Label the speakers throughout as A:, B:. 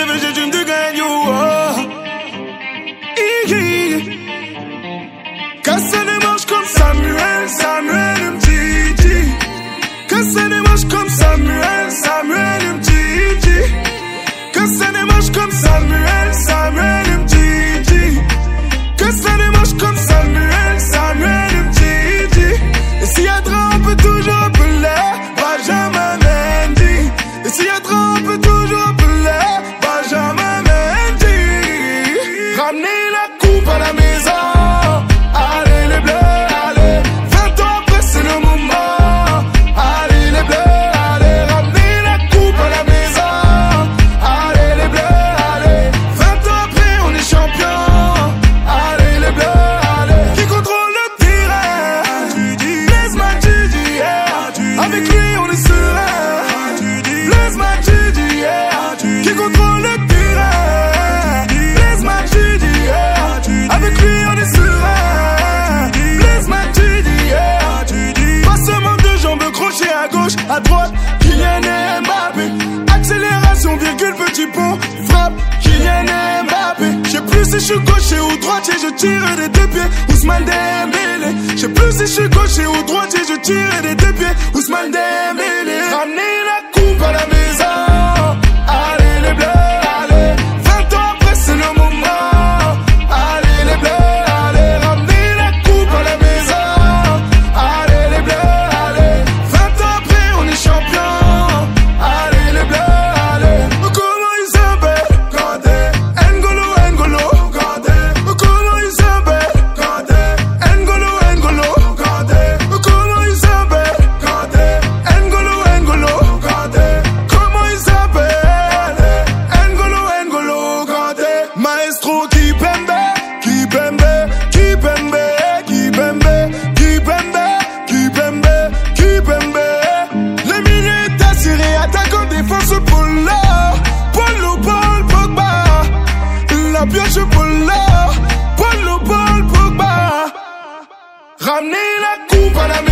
A: J'ai to j'ai dû me dégainer, à droite, Kylian Mbappé. Accélération, virgule, petit pont, frappe, Kylian et Mbappé. J'ai plus si je suis gaucher ou droitier, je tire des deux pieds, Ousmane Dembélé. J'ai plus si je suis gaucher ou droitier, je tire des deux pieds, Ousmane Dembélé. Ramenez Ramener la coupe à la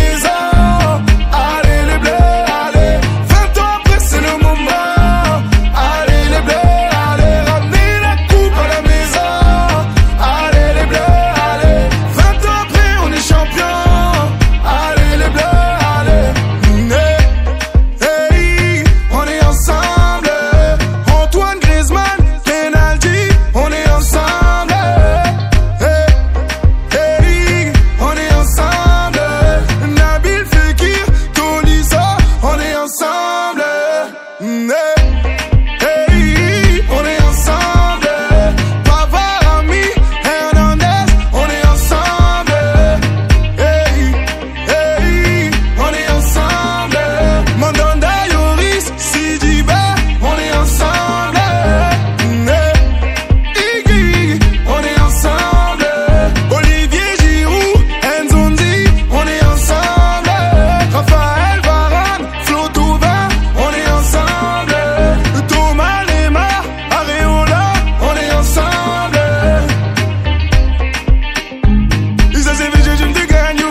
A: C'est VGG, je me dis qu'il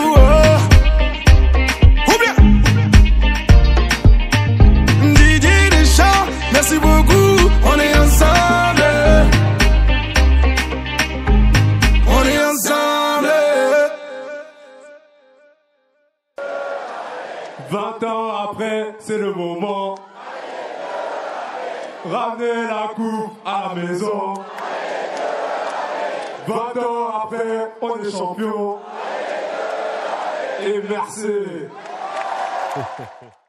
A: Ou bien! Didier Deschamps, merci beaucoup. On est ensemble. On est ensemble. 20 ans après, c'est le moment. Ramenez la coupe à la maison. 20 ans on est champion. Et merci.